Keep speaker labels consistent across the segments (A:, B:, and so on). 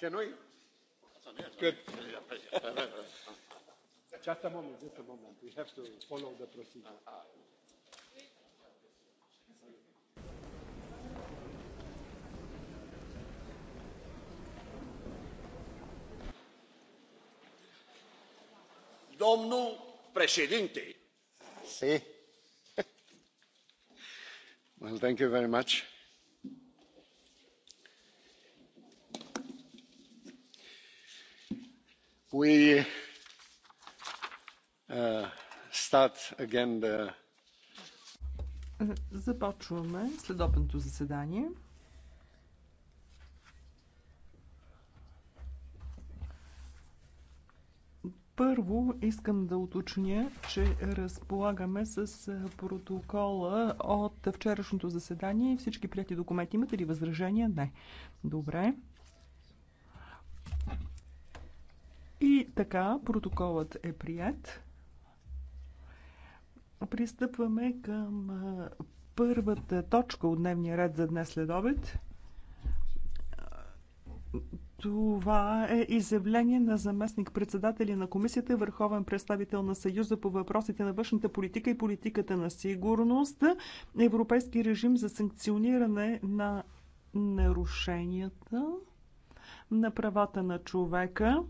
A: Can we? Good. just a moment, just a moment. We have to follow the procedure.
B: Domnul președinte.
C: Sí. Well, thank you very much.
A: we uh, start again the Започваме следобното заседание. Първо искам да уточня, че разполагаме с протокола от вчерашното заседание и всички прияти документи. Имате ли възражения? Не. Добре. И така, протоколът е прият. Пристъпваме към първата точка от дневния ред за днес след обед. Това е изявление на заместник председателя на комисията, върховен представител на Съюза по въпросите на външната политика и политиката на сигурност, европейски режим за санкциониране на нарушенията на правата на човека.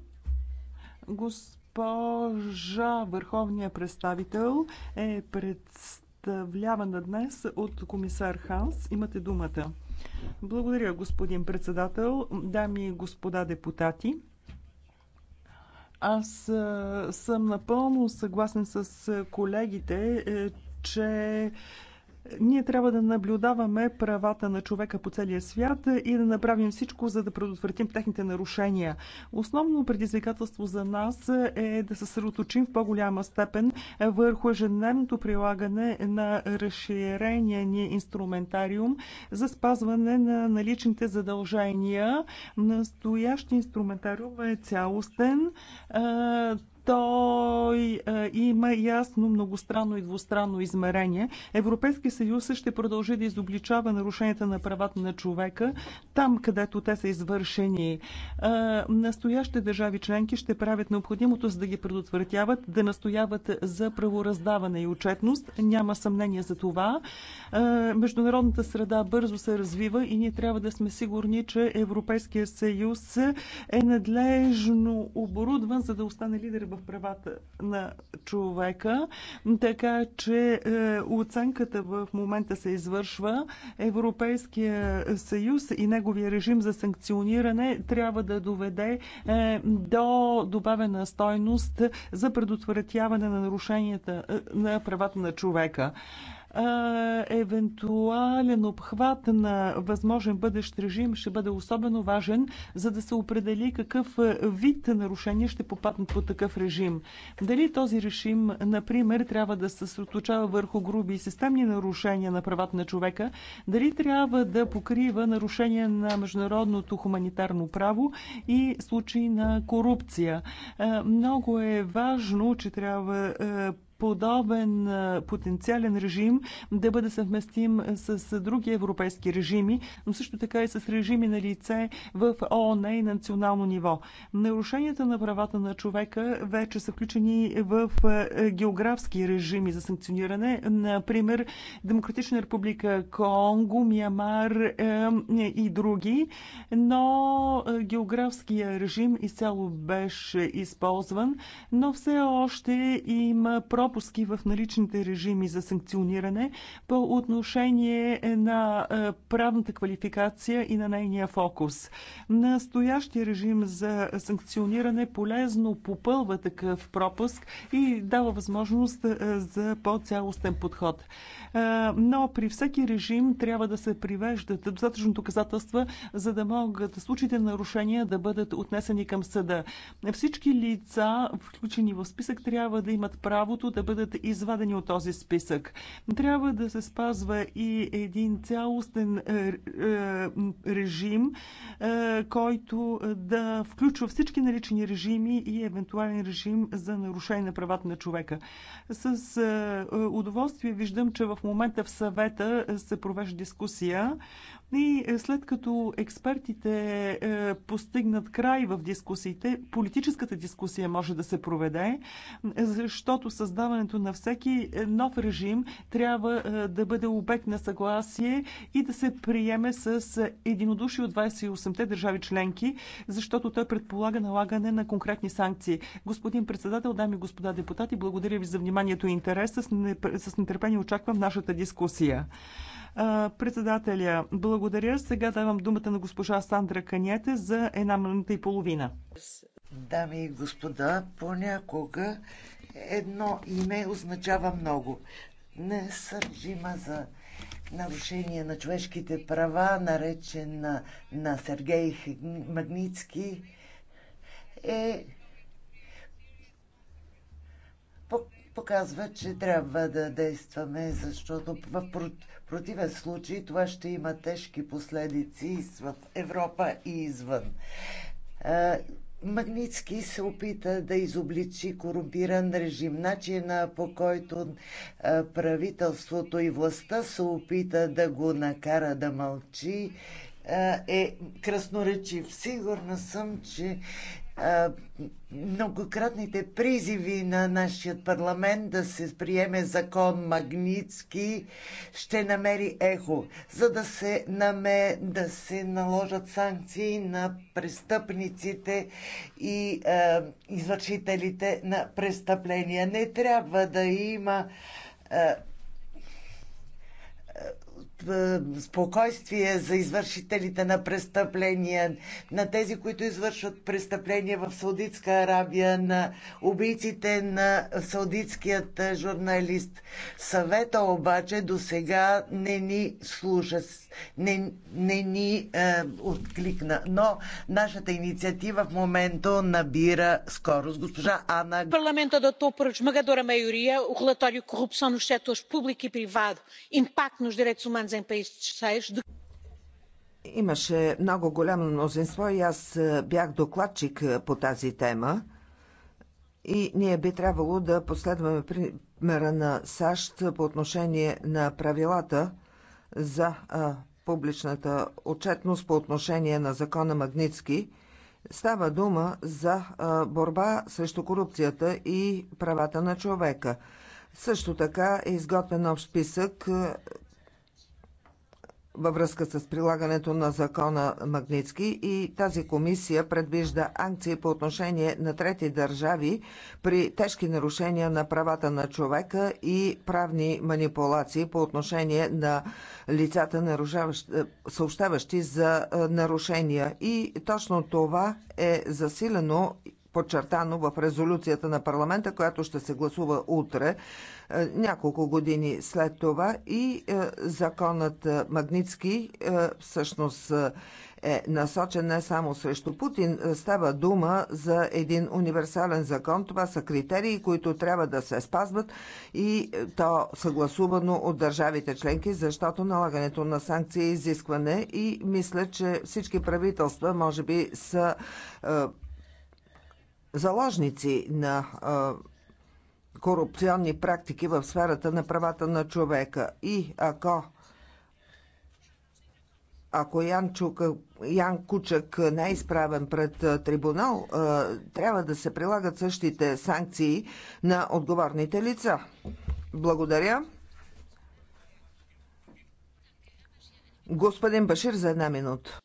A: Госпожа Върховния представител е представлявана днес от комисар Ханс. Имате думата. Благодаря, господин председател, дами и господа депутати. Аз съм напълно съгласен с колегите, е, че ние трябва да наблюдаваме правата на човека по целия свят и да направим всичко, за да предотвратим техните нарушения. Основно предизвикателство за нас е да се съсредоточим в по-голяма степен върху ежедневното прилагане на разширения ни инструментариум за спазване на наличните задължения. Настоящ инструментариум е цялостен той а, е, има ясно многостранно и двустранно измерение. Европейски съюз ще продължи да изобличава нарушенията на правата на човека там, където те са извършени. А, е, настоящите държави членки ще правят необходимото, за да ги предотвратяват, да настояват за правораздаване и отчетност. Няма съмнение за това. А, е, международната среда бързо се развива и ние трябва да сме сигурни, че Европейския съюз е надлежно оборудван, за да остане лидер в в правата на човека. Така че е, оценката в момента се извършва. Европейския съюз и неговия режим за санкциониране трябва да доведе е, до добавена стойност за предотвратяване на нарушенията е, на правата на човека евентуален обхват на възможен бъдещ режим ще бъде особено важен, за да се определи какъв вид нарушения ще попаднат по такъв режим. Дали този режим, например, трябва да се съсредоточава върху груби и системни нарушения на правата на човека, дали трябва да покрива нарушения на международното хуманитарно право и случаи на корупция. Много е важно, че трябва подобен потенциален режим да бъде съвместим с други европейски режими, но също така и с режими на лице в ООН и национално ниво. Нарушенията на правата на човека вече са включени в географски режими за санкциониране, например Демократична република Конго, Миямар и други, но географския режим изцяло беше използван, но все още има проб пропуски в наличните режими за санкциониране по отношение на е, правната квалификация и на нейния фокус. Настоящия режим за санкциониране полезно попълва такъв пропуск и дава възможност е, за по-цялостен подход. Е, но при всеки режим трябва да се привеждат достатъчно доказателства, за да могат случаите на нарушения да бъдат отнесени към съда. Всички лица, включени в списък, трябва да имат правото да бъдат извадени от този списък. Трябва да се спазва и един цялостен е, е, режим, е, който да включва всички налични режими и евентуален режим за нарушение на правата на човека. С удоволствие виждам, че в момента в съвета се провежда дискусия и е, след като експертите е, постигнат край в дискусиите, политическата дискусия може да се проведе, е, защото създаването на всеки нов режим трябва да бъде обект на съгласие и да се приеме с единодушие от 28-те държави членки, защото той предполага налагане на конкретни санкции. Господин председател, дами и господа депутати, благодаря ви за вниманието и интереса. С нетърпение очаквам нашата дискусия. Председателя, благодаря. Сега давам думата на
C: госпожа Сандра
A: Каняте за една минута и половина.
C: Дами и господа, понякога едно име означава много. Не съжима за нарушение на човешките права, наречен на, на Сергей Магницки, е показва, че трябва да действаме, защото в противен случай това ще има тежки последици в Европа и извън. Магницки се опита да изобличи корумпиран режим. Начина по който правителството и властта се опита да го накара да мълчи е красноречив. Сигурна съм, че многократните призиви на нашия парламент да се приеме закон Магницки ще намери ехо, за да се, наме, да се наложат санкции на престъпниците и а, извършителите на престъпления. Не трябва да има а, е, спокойствие за извършителите на престъпления, на тези, които извършват престъпления в Саудитска Арабия, на убийците на саудитският журналист. Съвета обаче до сега не ни слуша, не, не ни е, откликна. Но нашата инициатива в момента набира скорост. Госпожа Ана... Парламента да то поръч maioria o relatório corrupção nos setores público e privado impacto nos direitos
B: Имаше много голямо мнозинство и аз е, бях докладчик е, по тази тема. И ние би трябвало да последваме примера на САЩ по отношение на правилата за а, публичната отчетност по отношение на закона Магницки. Става дума за а, борба срещу корупцията и правата на човека. Също така е изготвен общ списък, е, във връзка с прилагането на закона Магницки и тази комисия предвижда акции по отношение на трети държави при тежки нарушения на правата на човека и правни манипулации по отношение на лицата, съобщаващи за е, нарушения. И точно това е засилено подчертано в резолюцията на парламента, която ще се гласува утре, е, няколко години след това. И е, законът е, Магницки всъщност е насочен не само срещу Путин. Става дума за един универсален закон. Това са критерии, които трябва да се спазват и то съгласувано от държавите членки, защото налагането на санкции е изискване и мисля, че всички правителства може би са заложници на корупционни практики в сферата на правата на човека. И ако ако Ян, Чука, Ян Кучък не е изправен пред трибунал, трябва да се прилагат същите санкции на отговорните лица. Благодаря. Господин Башир за една минута.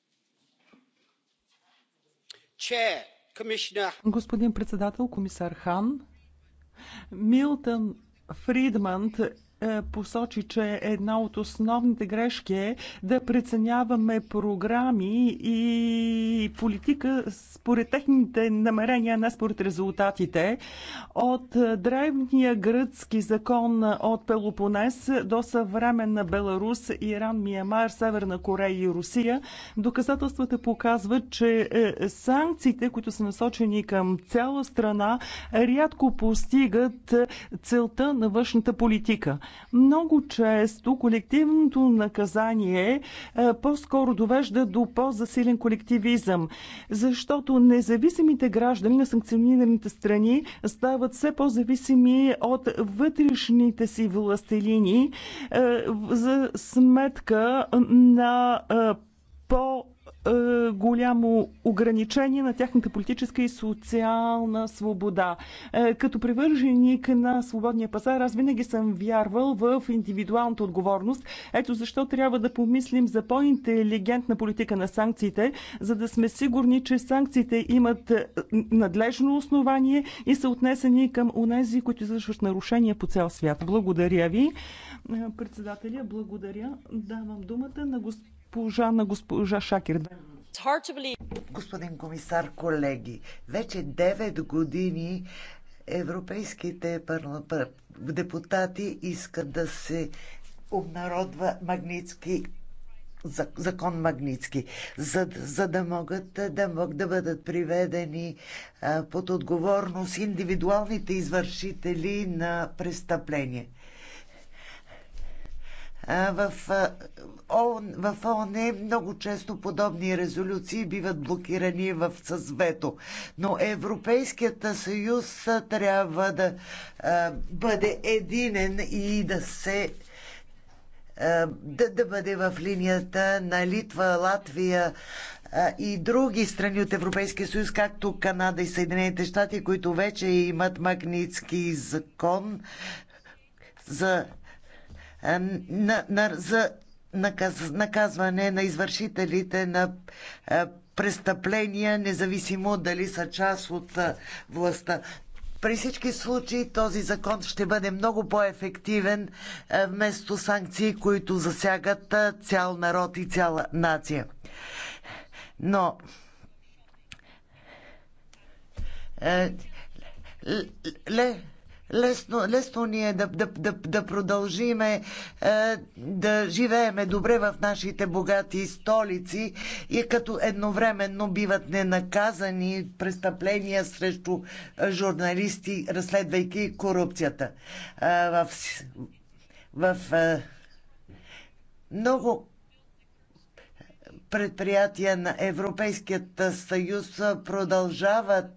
B: Че Господин председател, комисар
A: Хан, Милтън Фридманд. Е, посочи, че една от основните грешки е да преценяваме програми и политика според техните намерения, не според резултатите. От древния гръцки закон от Пелопонес до съвременна Беларус, Иран, Миямар, Северна Корея и Русия, доказателствата показват, че е, санкциите, които са насочени към цяла страна, рядко постигат е, целта на външната политика. Много често колективното наказание е, по-скоро довежда до по-засилен колективизъм, защото независимите граждани на санкционираните страни стават все по-зависими от вътрешните си властелини е, за сметка на е, по е, голямо ограничение на тяхната политическа и социална свобода. Е, като привърженик на свободния пазар, аз винаги съм вярвал в индивидуалната отговорност. Ето защо трябва да помислим за по-интелигентна политика на санкциите, за да сме сигурни, че санкциите имат е, надлежно основание и са отнесени към унези, които извършват нарушения по цял свят. Благодаря ви. Председателя, благодаря. Давам думата на господин
C: госпожа на госпожа Шакир. Господин комисар, колеги, вече 9 години европейските депутати искат да се обнародва магнитски закон Магницки, за, за да могат да, мог, да бъдат приведени а, под отговорност индивидуалните извършители на престъпления. В ООН, в ООН много често подобни резолюции биват блокирани в съзвето. Но Европейският съюз трябва да бъде единен и да се да, да бъде в линията на Литва, Латвия и други страни от Европейския съюз, както Канада и Съединените щати, които вече имат магнитски закон за е, на, на, за наказ, наказване на извършителите на е, престъпления, независимо дали са част от е, властта. При всички случаи този закон ще бъде много по-ефективен вместо санкции, които засягат цял народ и цяла нация. Но ле, Лесно, лесно ни е да, да, да, да продължиме е, да живееме добре в нашите богати столици и като едновременно биват ненаказани престъпления срещу журналисти, разследвайки корупцията. Е, в, в е, много предприятия на Европейският съюз продължават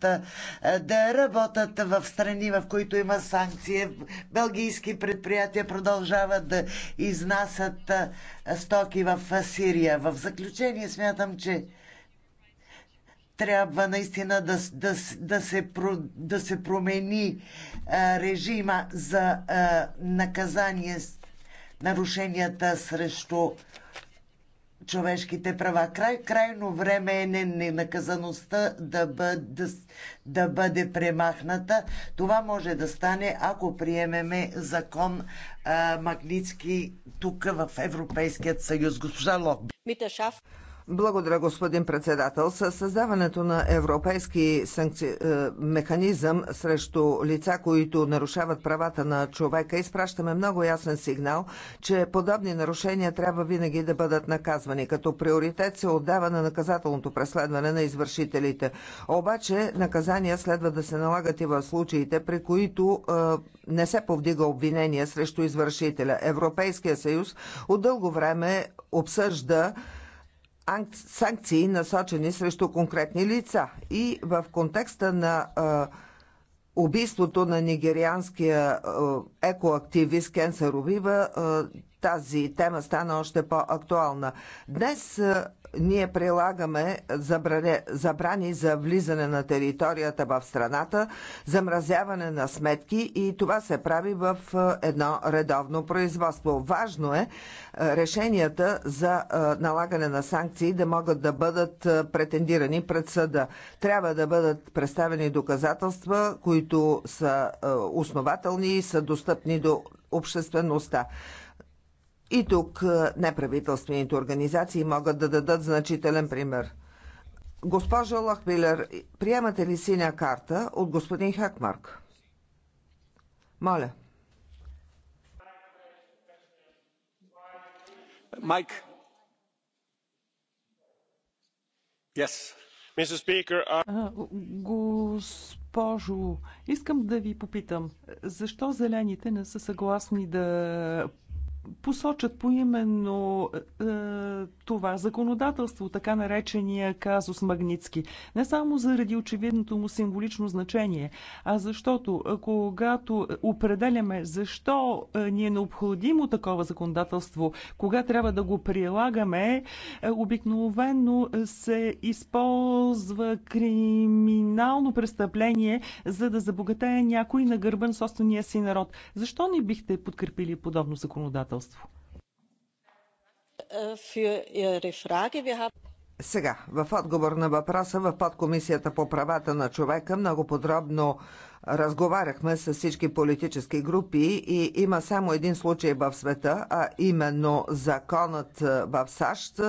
C: да работят в страни, в които има санкции. Белгийски предприятия продължават да изнасят стоки в Сирия. В заключение смятам, че трябва наистина да, да, да, се, да се промени режима за наказание нарушенията срещу човешките права. Край, крайно време е ненаказаността да бъде, да, да бъде премахната. Това може да стане, ако приемеме закон а, Магницки тук в Европейският съюз. Госпожа Лок, Шаф. Благодаря, господин
B: председател. С създаването на европейски санкци... Е, механизъм срещу лица, които нарушават правата на човека, изпращаме много ясен сигнал, че подобни нарушения трябва винаги да бъдат наказвани. Като приоритет се отдава на наказателното преследване на извършителите. Обаче наказания следва да се налагат и в случаите, при които е, не се повдига обвинение срещу извършителя. Европейския съюз от дълго време обсъжда санкции насочени срещу конкретни лица. И в контекста на убийството на нигерианския екоактивист Кен Сарубива тази тема стана още по-актуална. Днес ние прилагаме забрани за влизане на територията в страната, замразяване на сметки и това се прави в е, едно редовно производство. Важно е, е решенията за е, налагане на санкции да могат да бъдат претендирани пред съда. Трябва да бъдат представени доказателства, които са основателни и са достъпни до обществеността. И тук е, неправителствените организации могат да дадат значителен пример. Госпожа Лахмилер, приемате ли синя карта от господин Хакмарк? Моля. Майк.
A: Yes. Uh, госпожо, искам да ви попитам, защо зелените не са съгласни да посочат поименно е, е, това законодателство, така наречения казус Магницки. Не само заради очевидното му символично значение, а защото е, когато определяме защо е, ни е необходимо такова законодателство, кога трябва да го прилагаме, е, обикновено се използва криминално престъпление, за да забогатее някой на гърбен собствения си народ. Защо не бихте подкрепили подобно законодателство? председателство.
B: Сега, в отговор на въпроса в подкомисията по правата на човека много подробно Разговаряхме с всички политически групи и има само един случай в света, а именно законът е, в САЩ,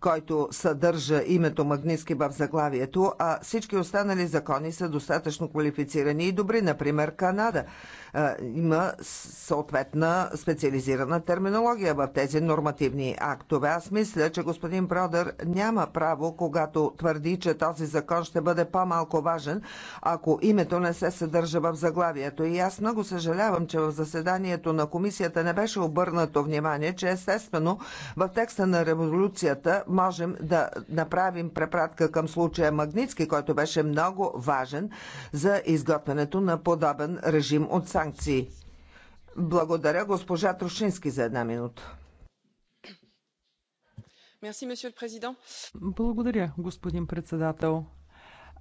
B: който съдържа името Магниски в заглавието, а всички останали закони са достатъчно квалифицирани и добри. Например, Канада е, има съответна специализирана терминология в тези нормативни актове. Аз мисля, че господин Бродър няма право, когато твърди, че този закон ще бъде по-малко важен, ако името не се съдържа съдържа в заглавието. И аз много съжалявам, че в заседанието на комисията не беше обърнато внимание, че естествено в текста на революцията можем да направим препратка към случая Магницки, който беше много важен за изготвянето на подобен режим от санкции. Благодаря госпожа Трошински за една минута. Благодаря,
A: господин председател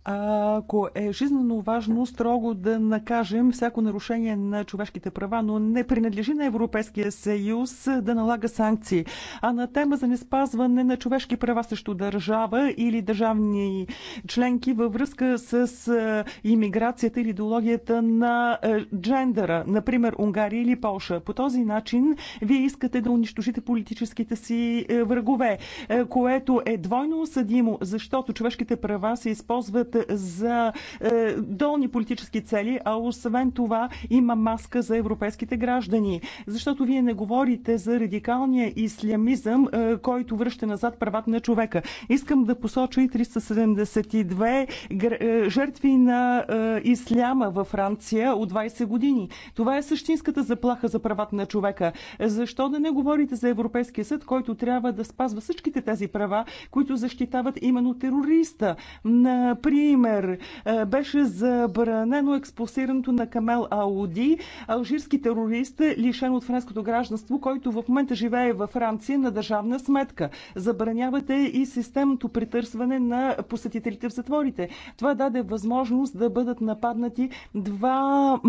A: ако е жизненно важно, строго да накажем всяко нарушение на човешките права, но не принадлежи на Европейския съюз да налага санкции. А на тема за неспазване на човешки права срещу държава или държавни членки във връзка с иммиграцията или идеологията на джендъра, например Унгария или Полша. По този начин вие искате да унищожите политическите си врагове, което е двойно осъдимо, защото човешките права се използват използват за е, долни политически цели, а освен това има маска за европейските граждани. Защото вие не говорите за радикалния ислямизъм, е, който връща назад правата на човека. Искам да посоча и 372 е, жертви на исляма във Франция от 20 години. Това е същинската заплаха за правата на човека. Защо да не говорите за Европейския съд, който трябва да спазва всичките тези права, които защитават именно терориста? Например, Например, е, беше забранено експулсирането на Камел Ауди, алжирски терорист, лишен от френското гражданство, който в момента живее във Франция на държавна сметка. Забранявате и системното притърсване на посетителите в затворите. Това даде възможност да бъдат нападнати два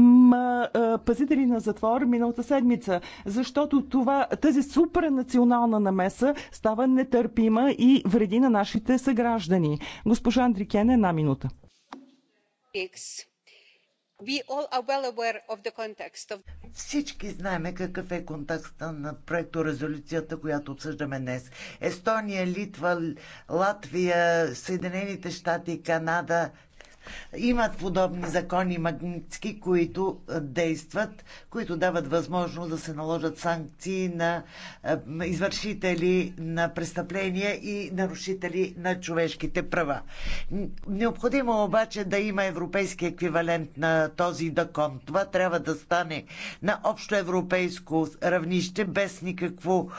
A: е, пазители на затвор миналата седмица, защото това, тази супранационална намеса става нетърпима и вреди на нашите съграждани. Госпожа е нами минута.
C: Всички знаем какъв е контекста на резолюцията, която обсъждаме днес. Естония, Литва, Латвия, Съединените щати, Канада, имат подобни закони магнитски, които действат, които дават възможност да се наложат санкции на извършители на престъпления и нарушители на човешките права. Необходимо обаче да има европейски еквивалент на този закон. Това трябва да стане на общо европейско равнище без никакво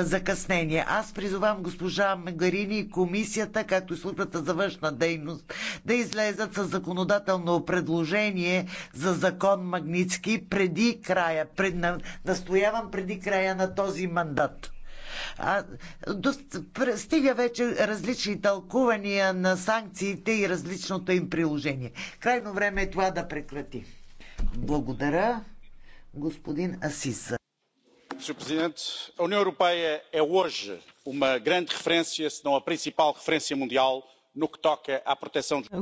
C: закъснение. Аз призовам госпожа Магарини и комисията, както и службата за външна дейност, да излезе излизат с законодателно предложение за закон Магницки преди края, пред, настоявам преди края на този мандат. А, до, стига вече различни тълкувания на санкциите и различното им приложение. Крайно време е това да прекрати. Благодаря, господин Асиса. Sr. Presidente,
A: a União Europeia é hoje uma grande referência, se não a principal referência mundial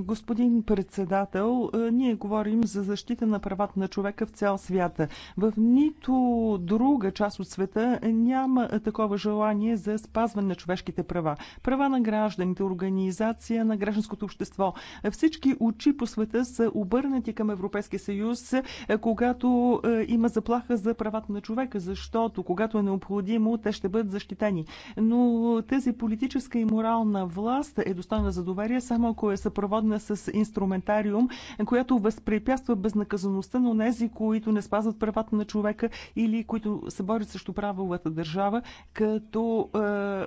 A: Господин председател, е, ние говорим за защита на правата на човека в цял свят. В нито друга част от света няма такова желание за спазване на човешките права. Права на гражданите, организация на гражданското общество. Всички очи по света са обърнати към Европейския съюз, е, когато е, има заплаха за правата на човека, защото когато е необходимо, те ще бъдат защитени. Но тази политическа и морална власт е достойна за доверие, само ако е съпроводна с инструментариум, която възпрепятства безнаказаността на тези, които не спазват правата на човека или които се борят срещу правилата държава, като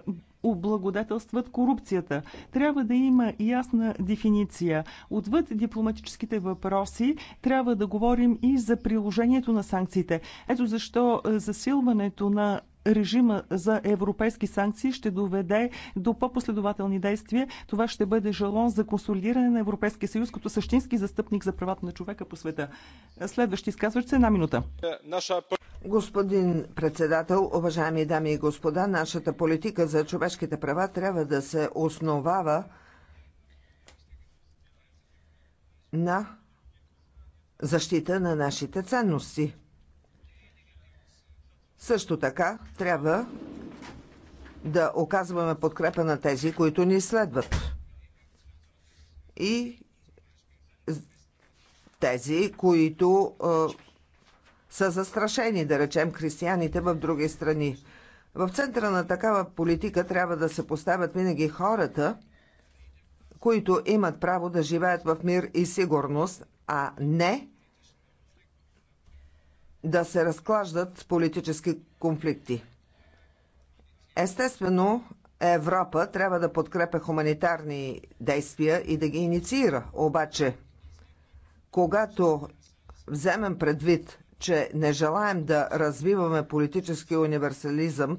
A: е, облагодетелстват корупцията. Трябва да има ясна дефиниция. Отвъд дипломатическите въпроси трябва да говорим и за приложението на санкциите. Ето защо е, засилването на режима за европейски санкции ще доведе до по-последователни действия. Това ще бъде жалон за консолидиране на Европейския съюз като същински застъпник за правата на човека по света. Следващи изказващ се една минута.
B: Господин председател, уважаеми дами и господа, нашата политика за човешките права трябва да се основава на защита на нашите ценности. Също така трябва да оказваме подкрепа на тези, които ни следват. И тези, които е, са застрашени, да речем, християните в други страни. В центъра на такава политика трябва да се поставят винаги хората, които имат право да живеят в мир и сигурност, а не да се разклаждат политически конфликти. Естествено, Европа трябва да подкрепя хуманитарни действия и да ги инициира. Обаче, когато вземем предвид, че не желаем да развиваме политически универсализъм,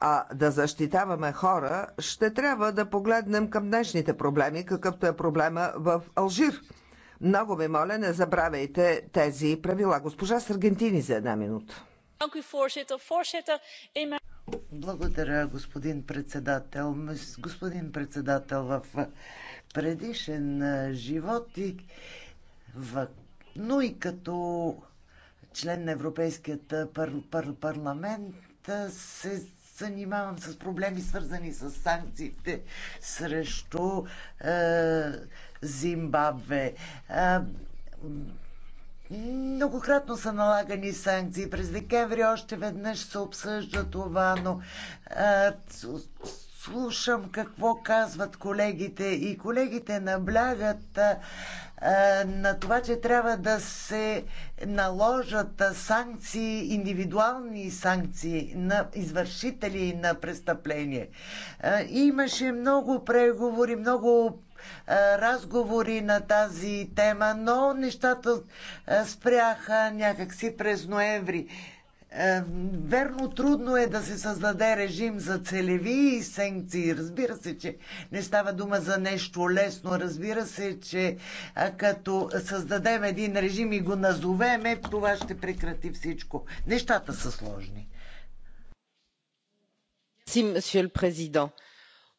B: а да защитаваме хора, ще трябва да погледнем към днешните проблеми, какъвто е проблема в Алжир – много ви моля, не забравяйте
C: тези правила. Госпожа Саргентини за една минута. Благодаря, господин председател. Господин председател, в предишен живот и в... но и като член на Европейският пар... Пар... парламент се занимавам с проблеми, свързани с санкциите срещу е Зимбабве. Многократно са налагани санкции. През декември още веднъж се обсъжда това, но а, слушам какво казват колегите и колегите наблягат а, на това, че трябва да се наложат санкции, индивидуални санкции на извършители на престъпление. Имаше много преговори, много разговори на тази тема, но нещата спряха някакси през ноември. Верно, трудно е да се създаде режим за целеви и санкции. Разбира се, че не става дума за нещо лесно. Разбира се, че като създадем един режим и го назовеме, това ще прекрати всичко. Нещата са сложни. Си, месье президент.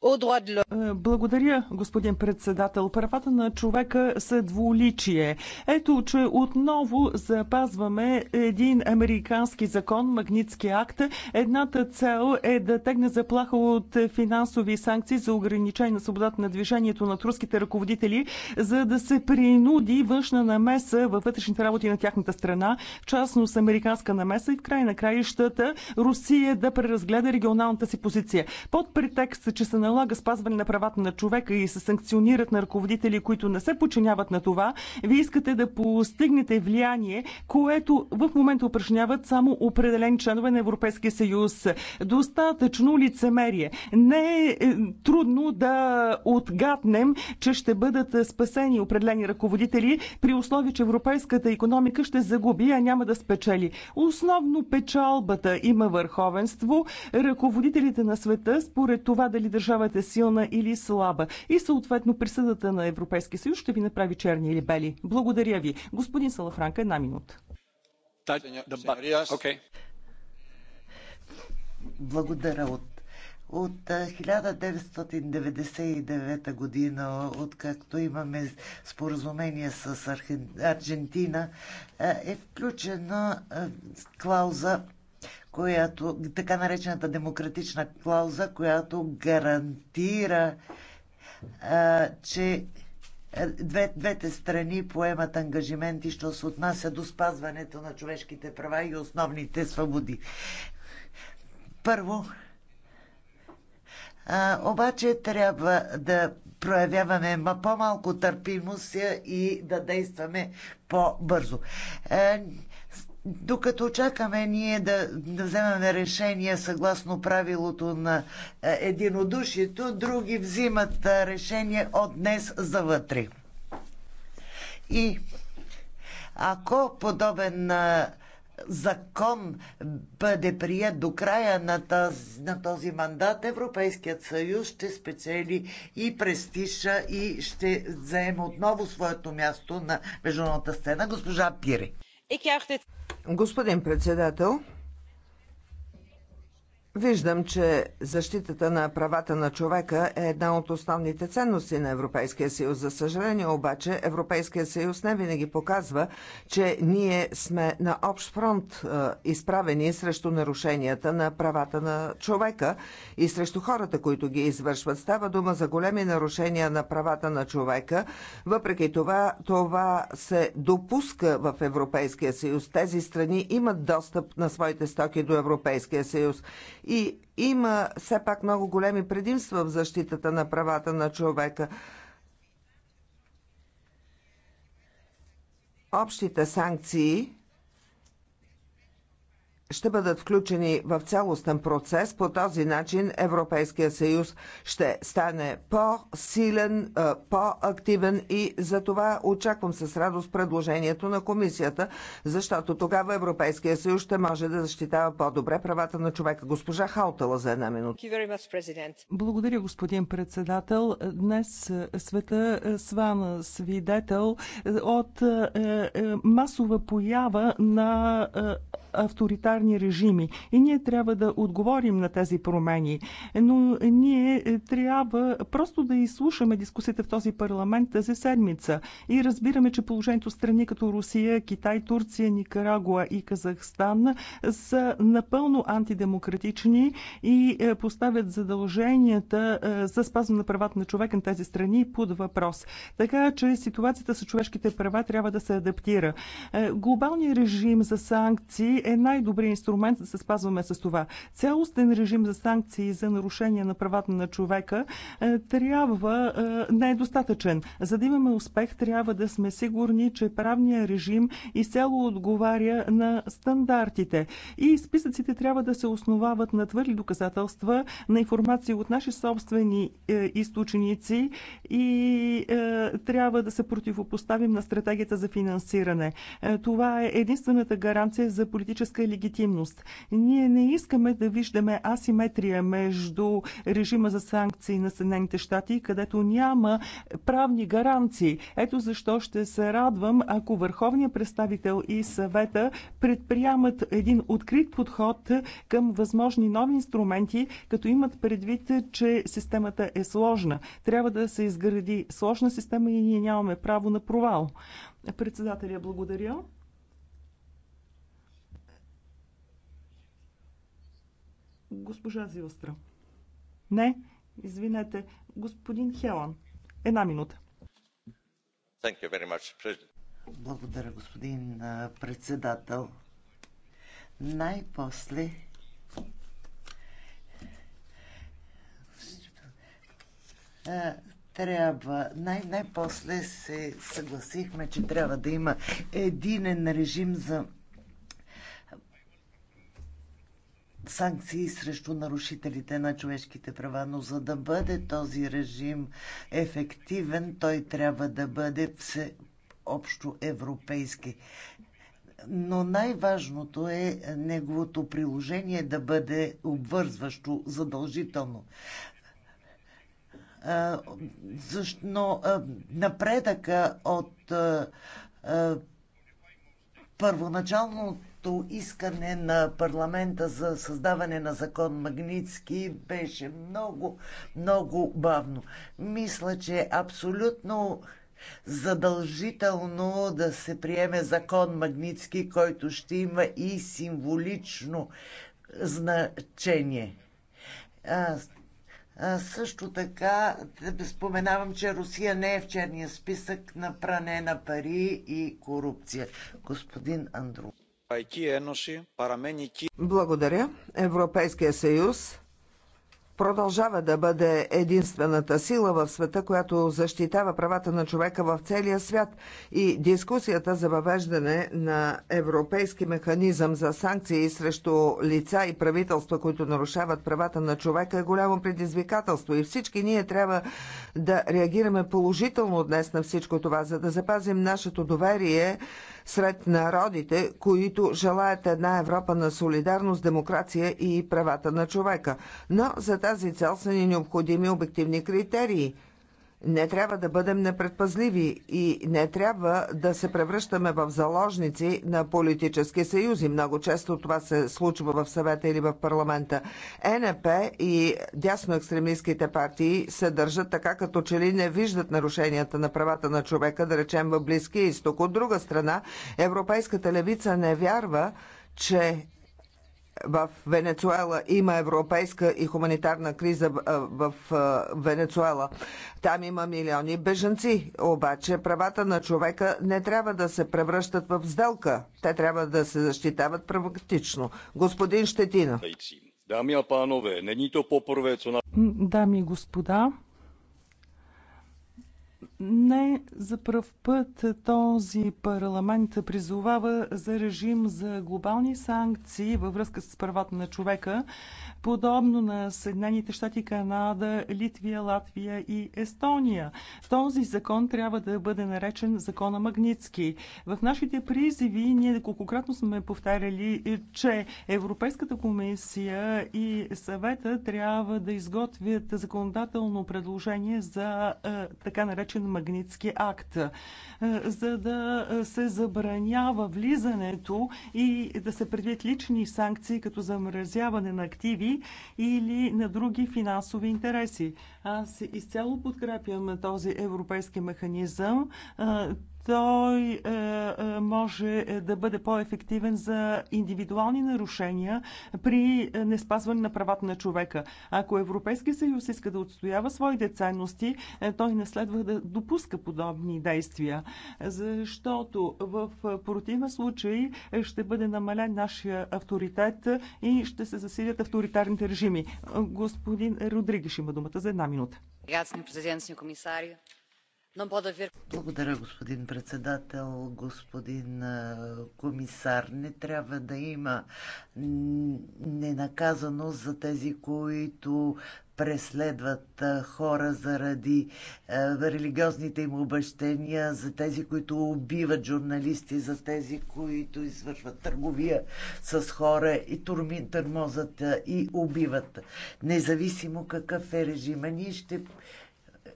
C: Е, благодаря,
A: господин председател. Правата на човека са двуличие. Ето, че отново запазваме един американски закон, Магнитски акт. Едната цел е да тегне заплаха от финансови санкции за ограничение на свободата на движението на турските ръководители, за да се принуди външна намеса във вътрешните работи на тяхната страна, в частност американска намеса и в край на краищата Русия да преразгледа регионалната си позиция. Под претекст, че са налага спазване на правата на човека и се санкционират на ръководители, които не се починяват на това, вие искате да постигнете влияние, което в момента упражняват само определени членове на Европейския съюз. Достатъчно лицемерие. Не е, е трудно да отгаднем, че ще бъдат спасени определени ръководители при условие, че европейската економика ще загуби, а няма да спечели. Основно печалбата има върховенство. Ръководителите на света, според това дали държава държавата е силна или слаба. И съответно присъдата на Европейския съюз ще ви направи черни или бели. Благодаря ви. Господин Салафранка, една
C: минута. Благодаря от от 1999 година, откакто имаме споразумение с Аргентина, е включена клауза която, така наречената демократична клауза, която гарантира, а, че две, двете страни поемат ангажименти, що се отнася до спазването на човешките права и основните свободи. Първо, а, обаче трябва да проявяваме по-малко търпимост и да действаме по-бързо. Е, докато чакаме ние да, да вземем решение съгласно правилото на е, единодушието, други взимат е, решение от днес за вътре. И ако подобен е, закон бъде прият до края на този, на този мандат, Европейският съюз ще спечели и престиша и ще заеме отново своето място на международната сцена. Госпожа Пири. Господин председател,
B: Виждам, че защитата на правата на човека е една от основните ценности на Европейския съюз. За съжаление обаче, Европейския съюз не винаги показва, че ние сме на общ фронт е, изправени срещу нарушенията на правата на човека и срещу хората, които ги извършват. Става дума за големи нарушения на правата на човека. Въпреки това, това се допуска в Европейския съюз. Тези страни имат достъп на своите стоки до Европейския съюз и има все пак много големи предимства в защитата на правата на човека. Общите санкции ще бъдат включени в цялостен процес. По този начин Европейския съюз ще стане по-силен, е, по-активен и за това очаквам с радост предложението на комисията, защото тогава Европейския съюз ще може да защитава по-добре правата на човека. Госпожа Хаутала за една минута.
A: Благодаря, господин председател. Днес е, света е, свана свидетел от масова поява на авторитарни тоталитарни режими. И ние трябва да отговорим на тези промени. Но ние е, трябва просто да изслушаме дискусията в този парламент тази седмица. И разбираме, че положението страни като Русия, Китай, Турция, Никарагуа и Казахстан са напълно антидемократични и е, поставят задълженията е, за спазване на правата на човека на тези страни под въпрос. Така че ситуацията с човешките права трябва да се адаптира. Глобалният режим за санкции е най-добрият инструмент да се спазваме с това. Цялостен режим за санкции за нарушение на правата на човека е, трябва, е, не е достатъчен. За да имаме успех, трябва да сме сигурни, че правният режим изцяло отговаря на стандартите. И списъците трябва да се основават на твърди доказателства, на информация от наши собствени е, източници и трябва да се противопоставим на стратегията за финансиране. Това е единствената гаранция за политическа легитимност легитимност. Ние не искаме да виждаме асиметрия между режима за санкции на Съединените щати, където няма правни гаранции. Ето защо ще се радвам, ако върховният представител и съвета предприемат един открит подход към възможни нови инструменти, като имат предвид, че системата е сложна. Трябва да се изгради сложна система и ние нямаме право на провал. Председателя, благодаря. Госпожа Зилстра. Не, извинете, господин Хелан. Една минута. Thank you very much,
C: Благодаря, господин председател. Най-после трябва, най- най-после се съгласихме, че трябва да има единен режим за санкции срещу нарушителите на човешките права, но за да бъде този режим ефективен, той трябва да бъде всеобщо европейски. Но най-важното е неговото приложение да бъде обвързващо, задължително но напредъка от първоначално Първото искане на парламента за създаване на закон Магницки беше много, много бавно. Мисля, че е абсолютно задължително да се приеме закон Магницки, който ще има и символично значение. А, също така споменавам, че Русия не е в черния списък на пране на пари и корупция. Господин Андру. Благодаря. Европейския
B: съюз продължава да бъде единствената сила в света, която защитава правата на човека в целия свят и дискусията за въвеждане на европейски механизъм за санкции срещу лица и правителства, които нарушават правата на човека е голямо предизвикателство и всички ние трябва да реагираме положително днес на всичко това, за да запазим нашето доверие сред народите, които желаят една Европа на солидарност, демокрация и правата на човека. Но за тази цел са ни необходими обективни критерии – не трябва да бъдем непредпазливи и не трябва да се превръщаме в заложници на политически съюзи. Много често това се случва в съвета или в парламента. Е НП и дясно екстремистските партии се държат така, като че ли не виждат нарушенията на правата на човека, да речем в Близкия изток. От друга страна, европейската левица не вярва, че в Венецуела има европейска и хуманитарна криза в Венецуела. Там има милиони бежанци, обаче правата на човека не трябва да се превръщат в сделка. Те трябва да се защитават практично. Господин Щетина.
A: Дами и панове, не ни то попърве,
B: Дами и господа,
A: не за пръв път този парламент призовава за режим за глобални санкции във връзка с правата на човека, подобно на Съединените щати, Канада, Литвия, Латвия и Естония. Този закон трябва да бъде наречен закона Магницки. В нашите призиви ние неколкократно сме повтаряли, че Европейската комисия и съвета трябва да изготвят законодателно предложение за е, така наречен Магнитски акт, е, за да се забранява влизането и да се предвид лични санкции, като замразяване на активи или на други финансови интереси. Аз изцяло подкрепям този европейски механизъм. Е, той е, е, може е, да бъде по-ефективен за индивидуални нарушения при неспазване на правата на човека. Ако Европейски съюз иска да отстоява своите ценности, той не следва да допуска подобни действия, защото в противен случай ще бъде намален нашия авторитет и ще се засилят авторитарните режими. Господин Родригеш има думата за една минута.
C: Ясно, президент, Signor Commissario. Благодаря, господин председател, господин комисар. Не трябва да има ненаказаност за тези, които преследват хора заради религиозните им обещения, за тези, които убиват журналисти, за тези, които извършват търговия с хора и турми, тормозат и убиват. Независимо какъв е режима, ние ще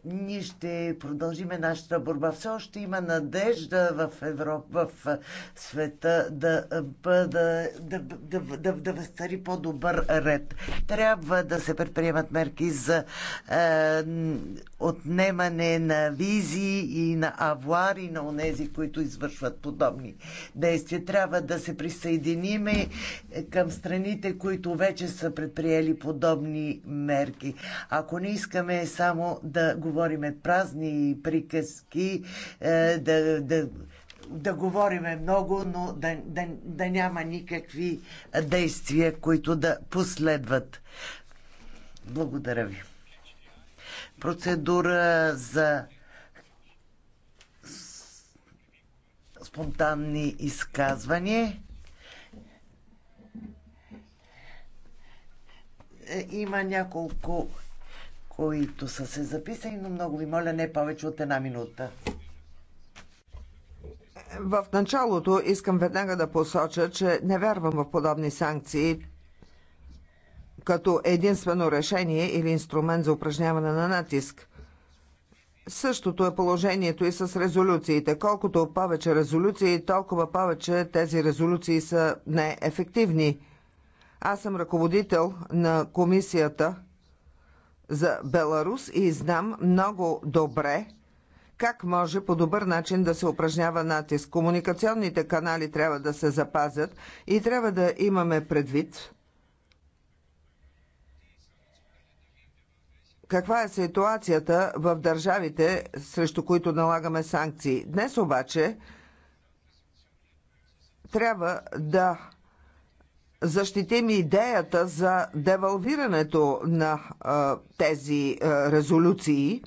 C: ние ще продължиме нашата борба. Все още има надежда в Европа, в света да, бъда, да, да, да, да възцари по-добър ред. Трябва да се предприемат мерки за е, отнемане на визи и на авуари на онези, които извършват подобни действия. Трябва да се присъединиме към страните, които вече са предприели подобни мерки. Ако не искаме само да говорим говориме празни приказки, е, да, да, да говориме много, но да, да, да няма никакви действия, които да последват. Благодаря ви. Процедура за спонтанни изказвания. Е, има няколко които са се записали, но много ви моля не повече от една минута. В
B: началото искам веднага да посоча, че не вярвам в подобни санкции като единствено решение или инструмент за упражняване на натиск. Същото е положението и с резолюциите. Колкото повече резолюции, толкова повече тези резолюции са неефективни. Аз съм ръководител на комисията за Беларус и знам много добре как може по добър начин да се упражнява натиск. Комуникационните канали трябва да се запазят и трябва да имаме предвид каква е ситуацията в държавите, срещу които налагаме санкции. Днес обаче трябва да защитим идеята за девалвирането на а, тези а, резолюции,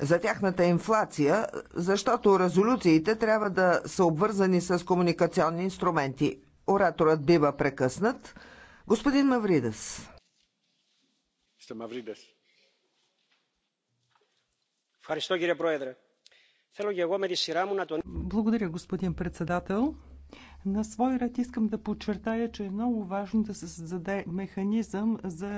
B: за тяхната инфлация, защото резолюциите трябва да са обвързани с комуникационни инструменти. Ораторът бива прекъснат. Господин Мавридес.
A: Сте Мавридес. Благодаря, господин председател. На свой ред искам да подчертая, че е много важно да се създаде механизъм за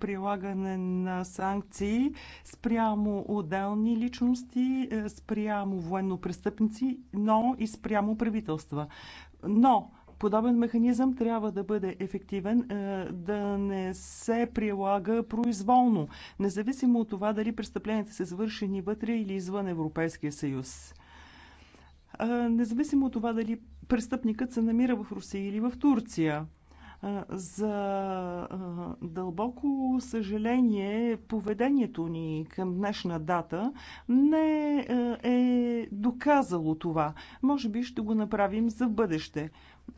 A: прилагане на санкции спрямо отделни личности, е, спрямо военно престъпници, но и спрямо правителства. Но подобен механизъм трябва да бъде ефективен, е, да не се прилага произволно, независимо от това дали престъпленията са извършени вътре или извън Европейския съюз. Е, независимо от това дали престъпникът се намира в Русия или в Турция. За дълбоко съжаление, поведението ни към днешна дата не е доказало това. Може би ще го направим за бъдеще.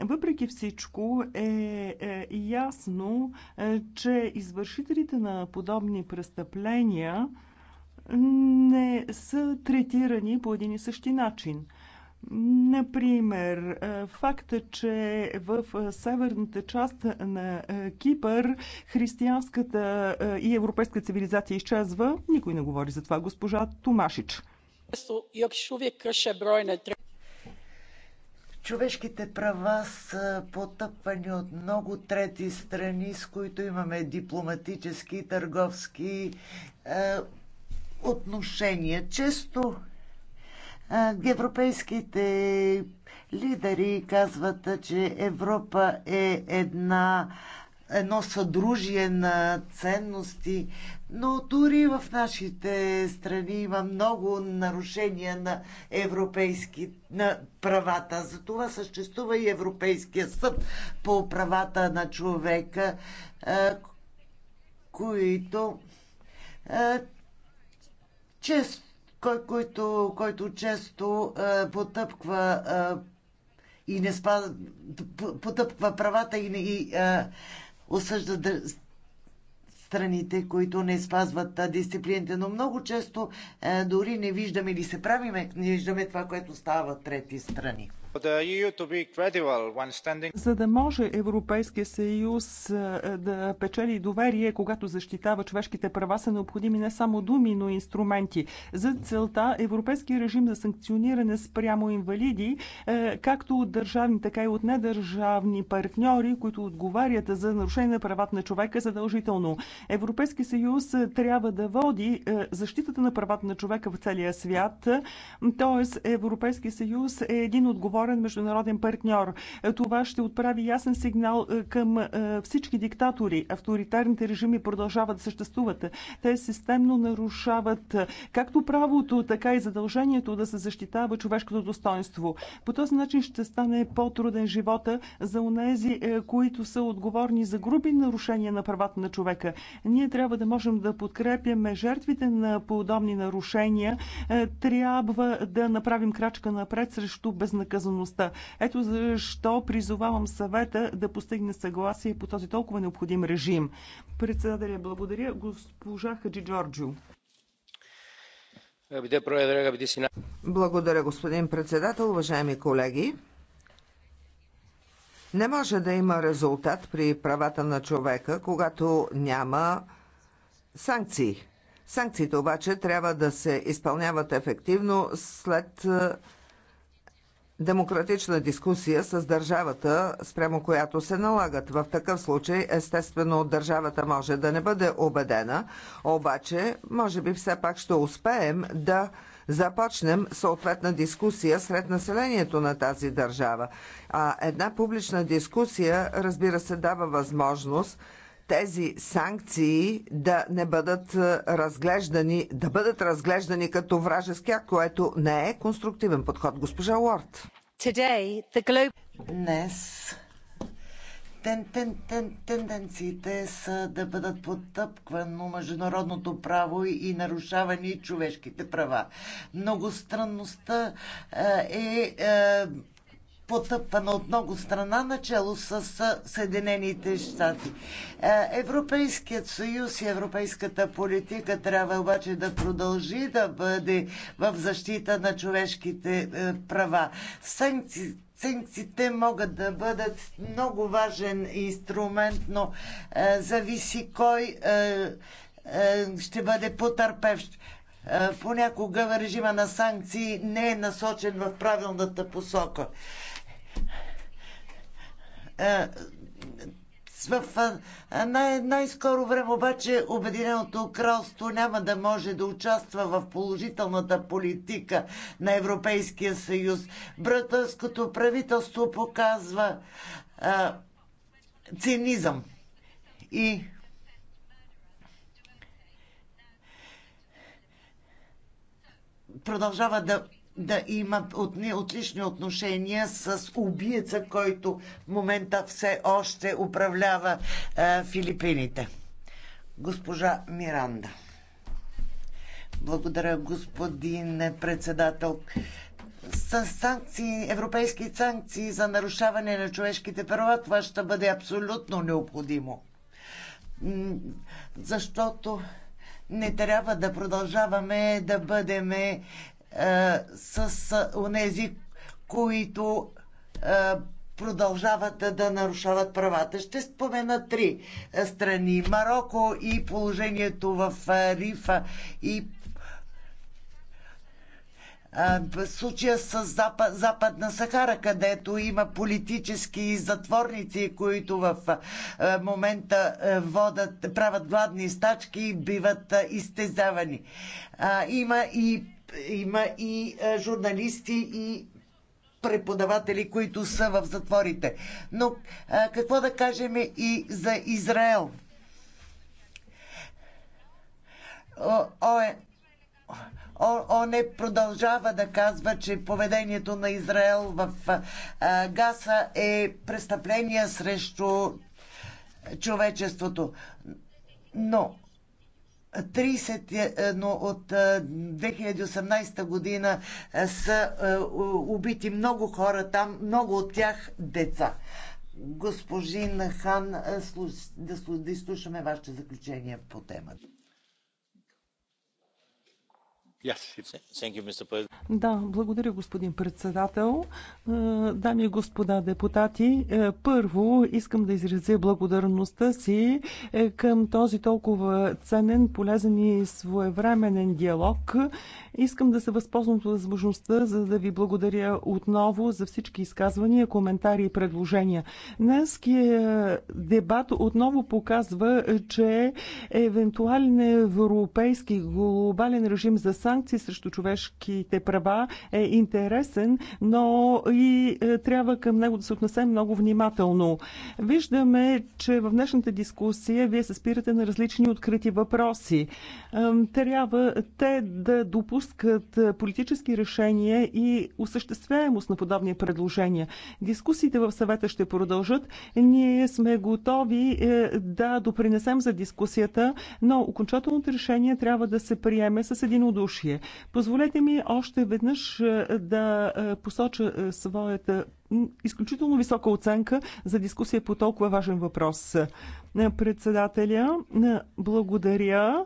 A: Въпреки всичко е, е ясно, е, че извършителите на подобни престъпления не са третирани по един и същи начин – Например, факта, че в северната част на Кипър християнската и европейска цивилизация изчезва, никой не говори за това, госпожа Томашич.
C: Човешките права са потъпвани от много трети страни, с които имаме дипломатически и търговски е, отношения. Често Европейските лидери казват, че Европа е една едно съдружие на ценности, но дори в нашите страни има много нарушения на европейски на правата. Затова съществува и Европейския съд по правата на човека, които често кой, който, който често е, потъпква е, и не спада, потъпква правата и, и е, осъжда дър... страните, които не спазват а, е, дисциплините. Но много често е, дори не виждаме или се правиме, не виждаме това, което става в трети страни. Uh, за да може Европейския съюз да печели доверие,
A: когато защитава човешките права, са необходими не само думи, но и инструменти. За целта европейски режим за санкциониране спрямо инвалиди, както от държавни, така и от недържавни партньори, които отговарят за нарушение на правата на човека, е задължително. Европейския съюз трябва да води защитата на правата на човека в целия свят, т.е. Европейския съюз е един отговор отговорен международен партньор. Е, това ще отправи ясен сигнал е, към е, всички диктатори. Авторитарните режими продължават да съществуват. Те системно нарушават както правото, така и задължението да се защитава човешкото достоинство. По този начин ще стане по-труден живота за унези, които са отговорни за груби нарушения на правата на човека. Ние трябва да можем да подкрепяме жертвите на подобни нарушения. Трябва да направим крачка напред срещу безнаказаността свързаността. Ето защо призовавам съвета да постигне съгласие по този толкова необходим режим. Председателя,
B: благодаря госпожа Хаджи Джорджо. Благодаря, господин председател, уважаеми колеги. Не може да има резултат при правата на човека, когато няма санкции. Санкциите обаче трябва да се изпълняват ефективно след демократична дискусия с държавата, спрямо която се налагат. В такъв случай, естествено, държавата може да не бъде убедена, обаче, може би все пак ще успеем да започнем съответна дискусия сред населението на тази държава. А една публична дискусия, разбира се, дава възможност тези санкции да не бъдат е, разглеждани, да бъдат разглеждани като вражески, което не е конструктивен подход. Госпожа Уорд.
C: Днес тен, тен, тен, тенденциите са да бъдат потъпквано международното право и нарушавани човешките права. Многостранността е, е потъпвана от много страна, начало с Съединените щати. Е, Европейският съюз и европейската политика трябва обаче да продължи да бъде в защита на човешките е, права. Санкции Санкциите могат да бъдат много важен инструмент, но е, зависи кой е, е, ще бъде потърпевщ е, понякога режима на санкции не е насочен в правилната посока. Е, в е, най- най-скоро време обаче Обединеното кралство няма да може да участва в положителната политика на Европейския съюз. Братърското правителство показва а, е, цинизъм и продължава да да имат от, отлични отношения с убиеца, който в момента все още управлява е, Филипините. Госпожа Миранда. Благодаря, господин председател. С санкции, европейски санкции за нарушаване на човешките права, това ще бъде абсолютно необходимо. Защото не трябва да продължаваме да бъдем е, с е, онези, които е, продължават да, да нарушават правата. Ще спомена три страни. Марокко и положението в Рифа и случая с Запад, Западна Сахара, където има политически затворници, които в момента водат, правят гладни стачки и биват изтезавани. Има и има и журналисти и преподаватели, които са в затворите. Но какво да кажем и за Израел? Е, ОНЕ продължава да казва, че поведението на Израел в Гаса е престъпление срещу човечеството. Но 30, но от 2018 година са убити много хора там, много от тях деца. Господин Хан, да изслушаме вашите заключения по темата.
A: Да, благодаря, господин председател. Е, дами и господа депутати, е, първо искам да изразя благодарността си е, към този толкова ценен, полезен и своевременен диалог Искам да се възползвам от възможността, за да ви благодаря отново за всички изказвания, коментари и предложения. Днеския е, дебат отново показва, че евентуален европейски глобален режим за санкции срещу човешките права е интересен, но и е, трябва към него да се отнесем много внимателно. Виждаме, че в днешната дискусия вие се спирате на различни открити въпроси. Трябва те да допуснат допускат политически решения и осъществяемост на подобни предложения. Дискусиите в съвета ще продължат. Ние сме готови е, да допринесем за дискусията, но окончателното решение трябва да се приеме с единодушие. Позволете ми още веднъж е, да е, посоча своята изключително висока оценка за дискусия по толкова важен въпрос. Председателя, благодаря.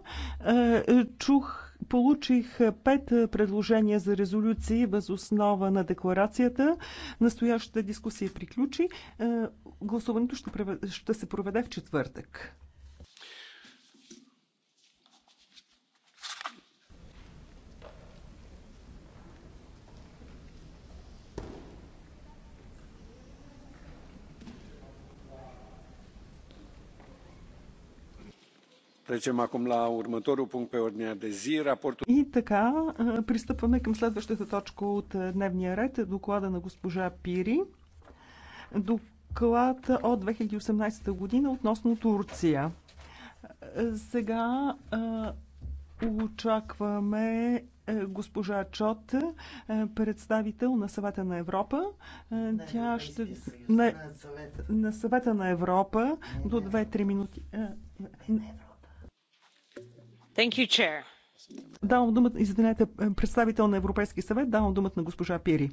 A: Чух Получих е, пет е, предложения за резолюции въз основа на декларацията. Настоящата дискусия приключи. Е, гласуването ще се проведе в четвъртък. И така, пристъпваме към следващата точка от дневния ред. Доклада на госпожа Пири. Доклад от 2018 година относно Турция. Сега очакваме госпожа Чот, представител на съвета на Европа. Не, Тя ще... На, на, съвета. на съвета на Европа не, до 2-3 минути. Не, не, не давам думата, извинете, представител на Европейски съвет, давам думата на госпожа Пири.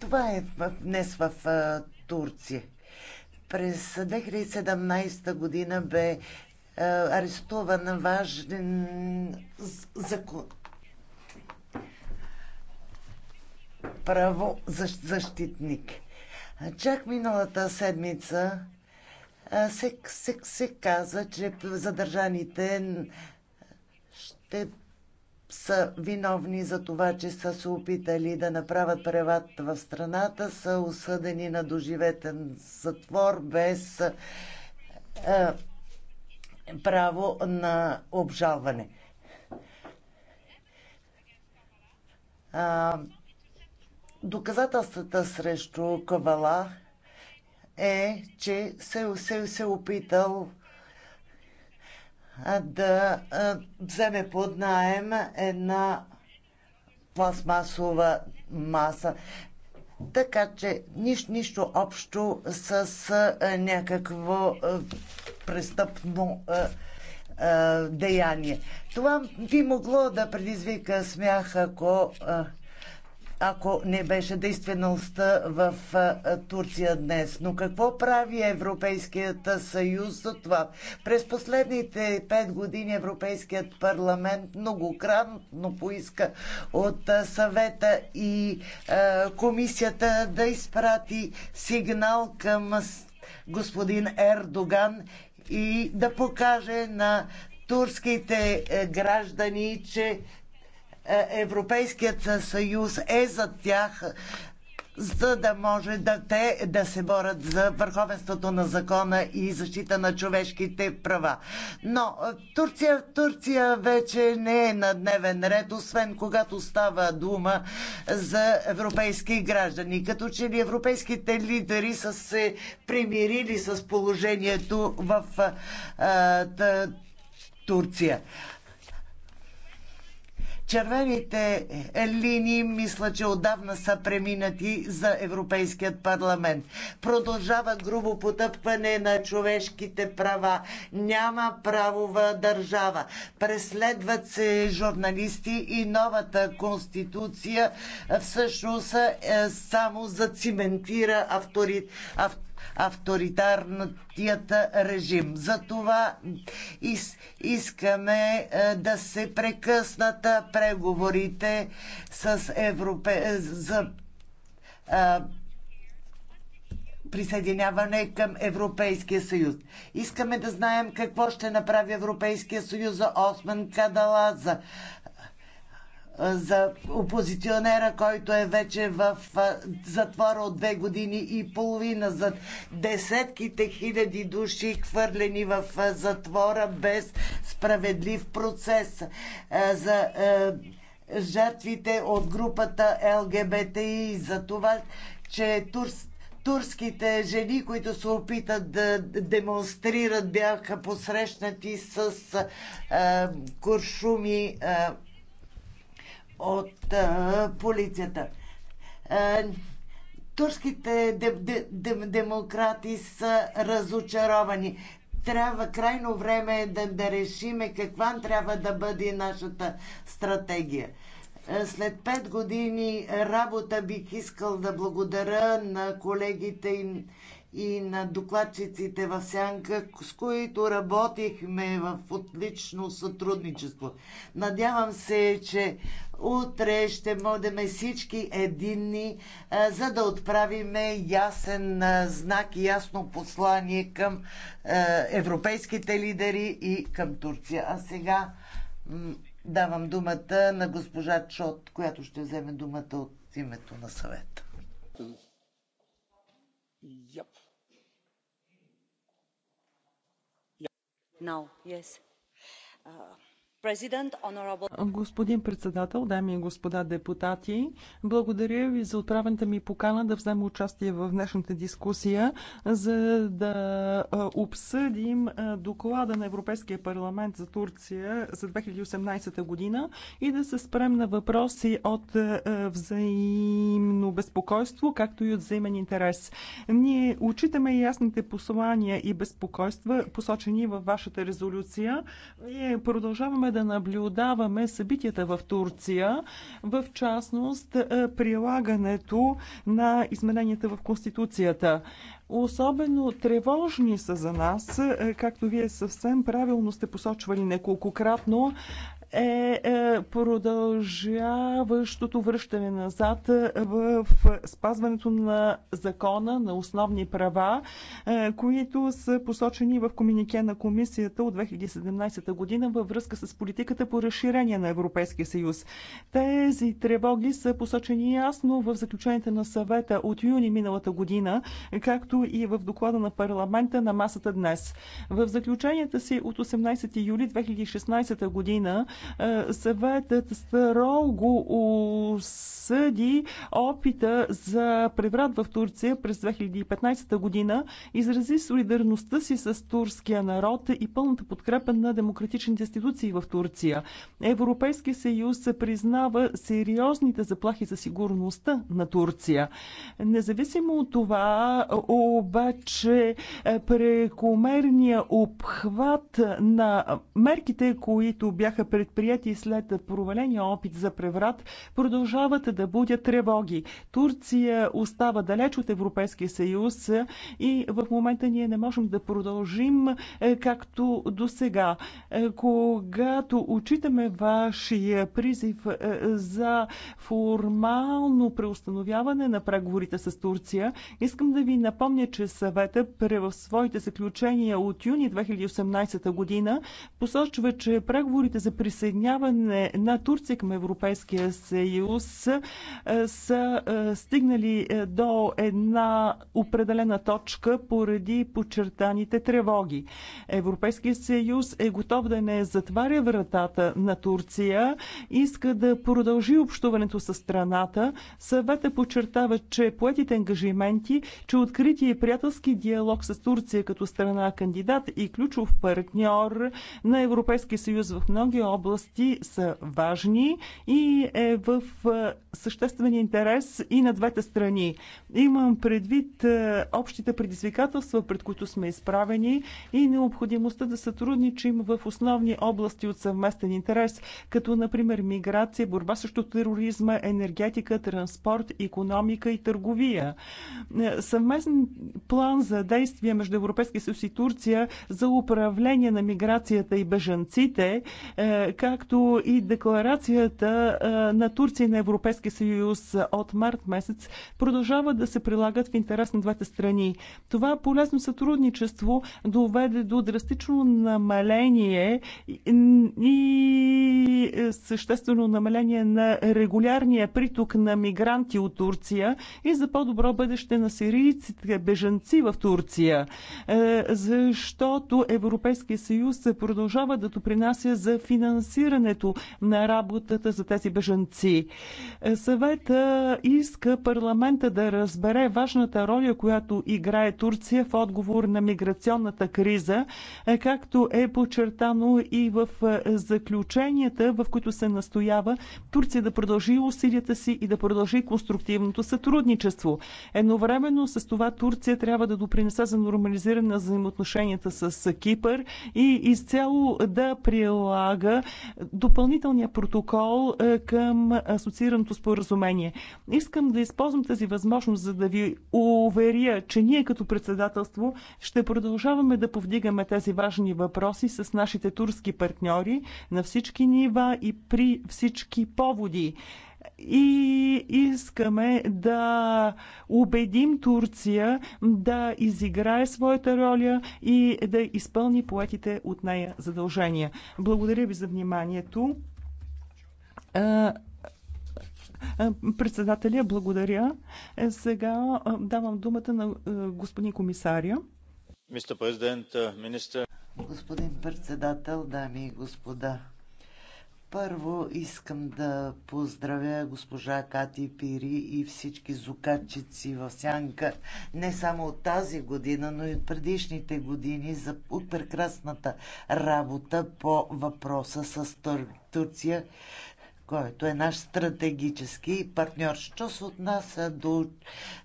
C: Това е днес в Турция. През 2017 година бе а, арестуван важен закон, защитник. Чак миналата седмица се, се, се каза, че задържаните ще са виновни за това, че са се опитали да направят преват в страната, са осъдени на доживетен затвор без е, право на обжалване. А, доказателствата срещу Кавала е, че се, се, се опитал да вземе под найем една пластмасова маса. Така че нищо, нищо общо с някакво престъпно деяние. Това би могло да предизвика смях, ако а, ако не беше действеността в Турция днес. Но какво прави Европейският съюз за това? През последните пет години Европейският парламент многократно поиска от съвета и комисията да изпрати сигнал към господин Ердоган и да покаже на турските е, граждани, че е, Европейският съюз е за тях за да може да те да се борят за върховенството на закона и защита на човешките права. Но е, Турция, Турция вече не е на дневен ред, освен когато става дума за европейски граждани. Като че ли европейските лидери са се примирили с положението в а, е, та, Турция. Червените е, линии мисля, че отдавна са преминати за Европейският парламент. Продължава грубо потъпкване на човешките права. Няма правова държава. Преследват се журналисти и новата конституция всъщност е само зациментира автори... ав... авторитарният режим. Затова из... искаме е, да се прекъснат преговорите с Европе... за а, присъединяване към Европейския съюз. Искаме да знаем какво ще направи Европейския съюз за Осман Кадала, за за опозиционера, който е вече в затвора от две години и половина, за десетките хиляди души хвърлени в затвора без справедлив процес, за жертвите от групата ЛГБТИ, за това, че Турс, турските жени, които се опитат да демонстрират, бяха посрещнати с куршуми от а, полицията. А, турските дем, дем, демократи са разочаровани. Трябва крайно време е да, да решиме каква трябва да бъде нашата стратегия. След пет години работа бих искал да благодаря на колегите и и на докладчиците в Сянка, с които работихме в отлично сътрудничество. Надявам се, че утре ще можем всички единни, за да отправим ясен знак и ясно послание към европейските лидери и към Турция. А сега давам думата на госпожа Чот, която ще вземе думата от името на съвета.
B: now yes.
A: Господин председател, дами и господа депутати, благодаря ви за отправената ми покана да взема участие в днешната дискусия, за да обсъдим доклада на Европейския парламент за Турция за 2018 година и да се спрем на въпроси от взаимно безпокойство, както и от взаимен интерес. Ние учитаме ясните послания и безпокойства, посочени във вашата резолюция. Ние продължаваме да наблюдаваме събитията в Турция, в частност е, прилагането на измененията в Конституцията. Особено тревожни са за нас, е, както вие съвсем правилно сте посочвали неколкократно, е, е продължаващото връщане назад в спазването на закона на основни права, е, които са посочени в комунике на комисията от 2017 година във връзка с политиката по разширение на Европейския съюз. Тези тревоги са посочени ясно в заключенията на съвета от юни миналата година, както и в доклада на парламента на масата днес. В заключенията си от 18 юли 2016 година е, съветът строго осъди опита за преврат в Турция през 2015 година, изрази солидарността си с турския народ и пълната подкрепа на демократичните институции в Турция. Европейския съюз се признава сериозните заплахи за сигурността на Турция. Независимо от това, обаче е, прекомерния обхват на мерките, които бяха предприяти след проваления опит за преврат, продължават да да будят тревоги. Турция остава далеч от Европейския съюз и в момента ние не можем да продължим е, както до сега. Е, когато отчитаме вашия призив е, за формално преустановяване на преговорите с Турция, искам да ви напомня, че съвета в своите заключения от юни 2018 година посочва, че преговорите за присъединяване на Турция към Европейския съюз е, са е, стигнали е, до една определена точка поради подчертаните тревоги. Европейският съюз е готов да не затваря вратата на Турция, иска да продължи общуването с страната. Съвета подчертава, че поетите ангажименти, че открити и приятелски диалог с Турция като страна кандидат и ключов партньор на Европейския съюз в много области са важни и е в съществен интерес и на двете страни. Имам предвид е, общите предизвикателства, пред които сме изправени и необходимостта да сътрудничим в основни области от съвместен интерес, като например миграция, борба срещу тероризма, енергетика, транспорт, економика и търговия. Е, съвместен план за действие между Европейския съюз и Турция за управление на миграцията и бежанците, е, както и декларацията на Турция и на Европейския Европейския съюз от март месец продължават да се прилагат в интерес на двете страни. Това полезно сътрудничество доведе до драстично намаление и е, съществено намаление на регулярния приток на мигранти от Турция и за по-добро бъдеще на сирийците бежанци в Турция, е, защото Европейския съюз продължава да допринася за финансирането на работата за тези бежанци. Е, Съвета иска парламента да разбере важната роля, която играе Турция в отговор на миграционната криза, е, както е подчертано и в е, заключенията, в които се настоява Турция да продължи усилията си и да продължи конструктивното сътрудничество. Едновременно с това Турция трябва да допринесе за нормализиране на взаимоотношенията с Кипър и изцяло да прилага допълнителния протокол е, към асоциираното споразумение. Искам да използвам тази възможност, за да ви уверя, че ние като председателство ще продължаваме да повдигаме тези важни въпроси с нашите турски партньори на всички нива и при всички поводи и искаме да убедим Турция да изиграе своята роля и да изпълни поетите от нея задължения. Благодаря ви за вниманието. Е, председателя, благодаря. Е, сега е, давам думата на господин комисаря.
C: Господин председател, дами и господа. Първо искам да поздравя госпожа Кати Пири и всички зукачици в Сянка, не само от тази година, но и от предишните години за от прекрасната работа по въпроса с Тур... Турция който е наш стратегически партньор. Що се отнася до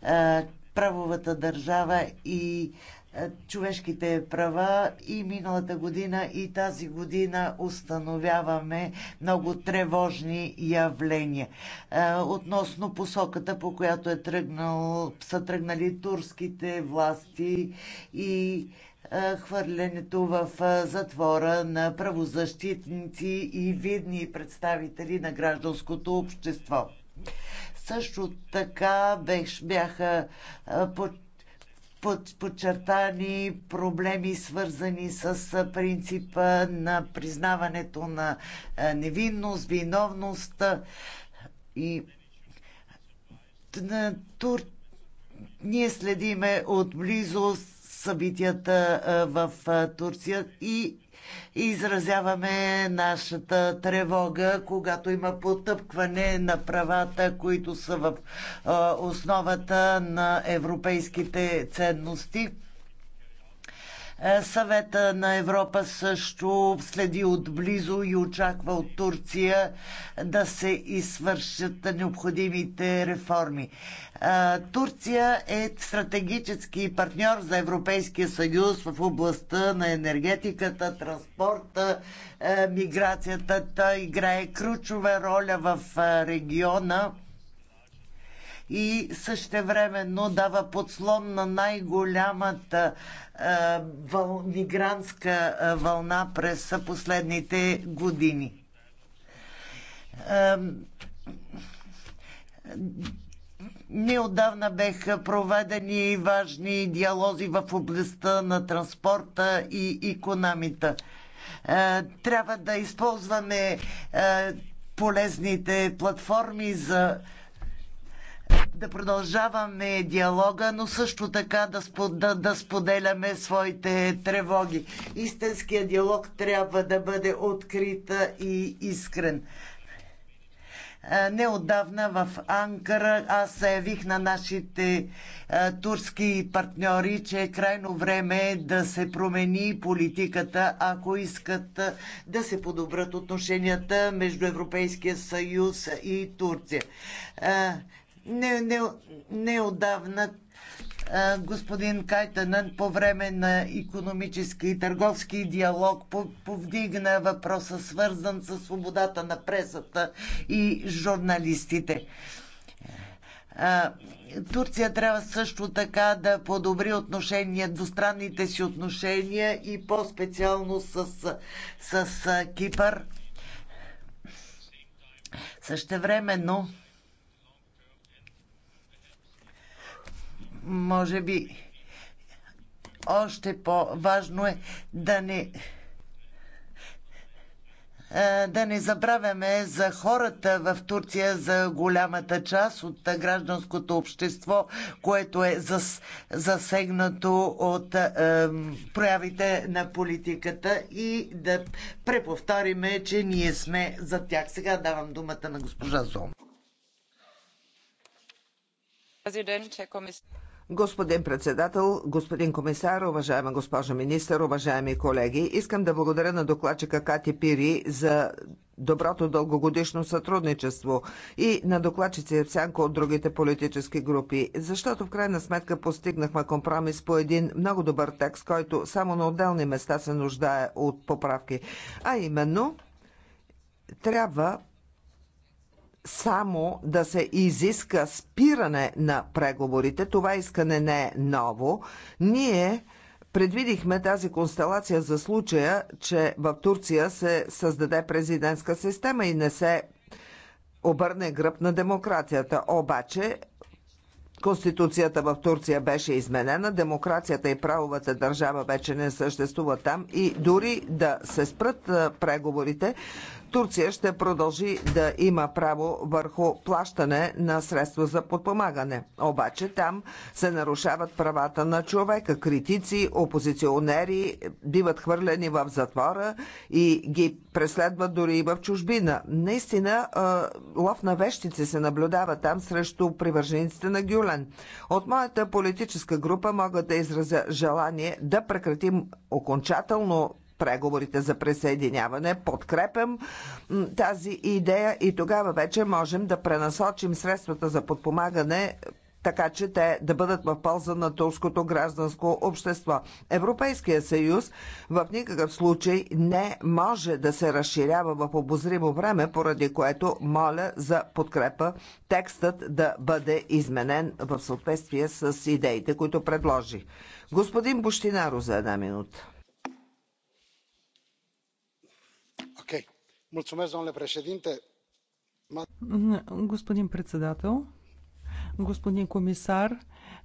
C: е, правовата държава и е, човешките права и миналата година и тази година установяваме много тревожни явления. Е, относно посоката, по която е тръгнал, са тръгнали турските власти и е, хвърлянето в затвора на правозащитници и видни представители на гражданското общество. Също така бяха под подчертани проблеми, свързани с принципа на признаването на невинност, виновност и Тур... Ние следиме отблизо събитията в Турция и и изразяваме нашата тревога, когато има потъпкване на правата, които са в основата на европейските ценности е, Съвета на Европа също следи отблизо и очаква от Турция да се извършат необходимите реформи. Е, Турция е стратегически партньор за Европейския съюз в областта на енергетиката, транспорта, е, миграцията. Той играе ключова роля в региона и същевременно дава подслон на най-голямата въл, мигрантска вълна през последните години. отдавна беха проведени важни диалози в областта на транспорта и економията. Трябва да използваме полезните платформи за да продължаваме диалога, но също така да, спод, да, да споделяме своите тревоги. Истинския диалог трябва да бъде открит и искрен. Неодавна в Анкара аз заявих на нашите турски партньори, че е крайно време да се промени политиката, ако искат да се подобрат отношенията между Европейския съюз и Турция не, не, отдавна господин Кайтанън по време на економически и търговски диалог повдигна въпроса свързан с свободата на пресата и журналистите. Турция трябва също така да подобри отношения, двустранните си отношения и по-специално с, с Кипър. Същевременно, може би още по-важно е да не е, да не забравяме за хората в Турция, за голямата част от гражданското общество, което е зас, засегнато от е, проявите на политиката и да преповториме, че ние сме за тях. Сега давам думата на госпожа Зон. Президент,
B: Господин председател, господин комисар, уважаема госпожа министър, уважаеми колеги, искам да благодаря на докладчика Кати Пири за доброто дългогодишно сътрудничество и на докладчици Евсянко от другите политически групи, защото в крайна сметка постигнахме компромис по един много добър текст, който само на отделни места се нуждае от поправки. А именно, трябва само да се изиска спиране на преговорите. Това искане не е ново. Ние предвидихме тази констелация за случая, че в Турция се създаде президентска система и не се обърне гръб на демокрацията. Обаче Конституцията в Турция беше изменена, демокрацията и правовата държава вече не съществува там и дори да се спрат преговорите, Турция ще продължи да има право върху плащане на средства за подпомагане. Обаче там се нарушават правата на човека. Критици, опозиционери биват хвърлени в затвора и ги преследват дори и в чужбина. Наистина, лов на вещици се наблюдава там срещу привържениците на Гюлен. От моята политическа група мога да изразя желание да прекратим окончателно преговорите за присъединяване. Подкрепям тази идея и тогава вече можем да пренасочим средствата за подпомагане така че те да бъдат в полза на турското гражданско общество. Европейския съюз в никакъв случай не може да се разширява в обозримо време, поради което моля за подкрепа текстът да бъде изменен в съответствие с идеите, които предложи. Господин Буштинаро за една минута.
C: domnule președinte
A: господин председател господин комисар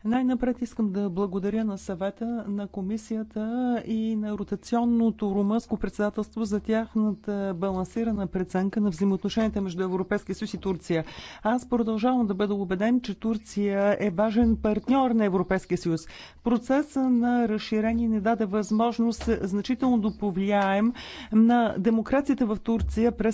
A: най-напред искам да благодаря на съвета, на комисията и на ротационното румънско председателство за тяхната балансирана преценка на взаимоотношенията между Европейския съюз и Турция. Аз продължавам да бъда убеден, че Турция е важен партньор на Европейския съюз. Процесът на разширение не даде възможност значително да повлияем на демокрацията в Турция през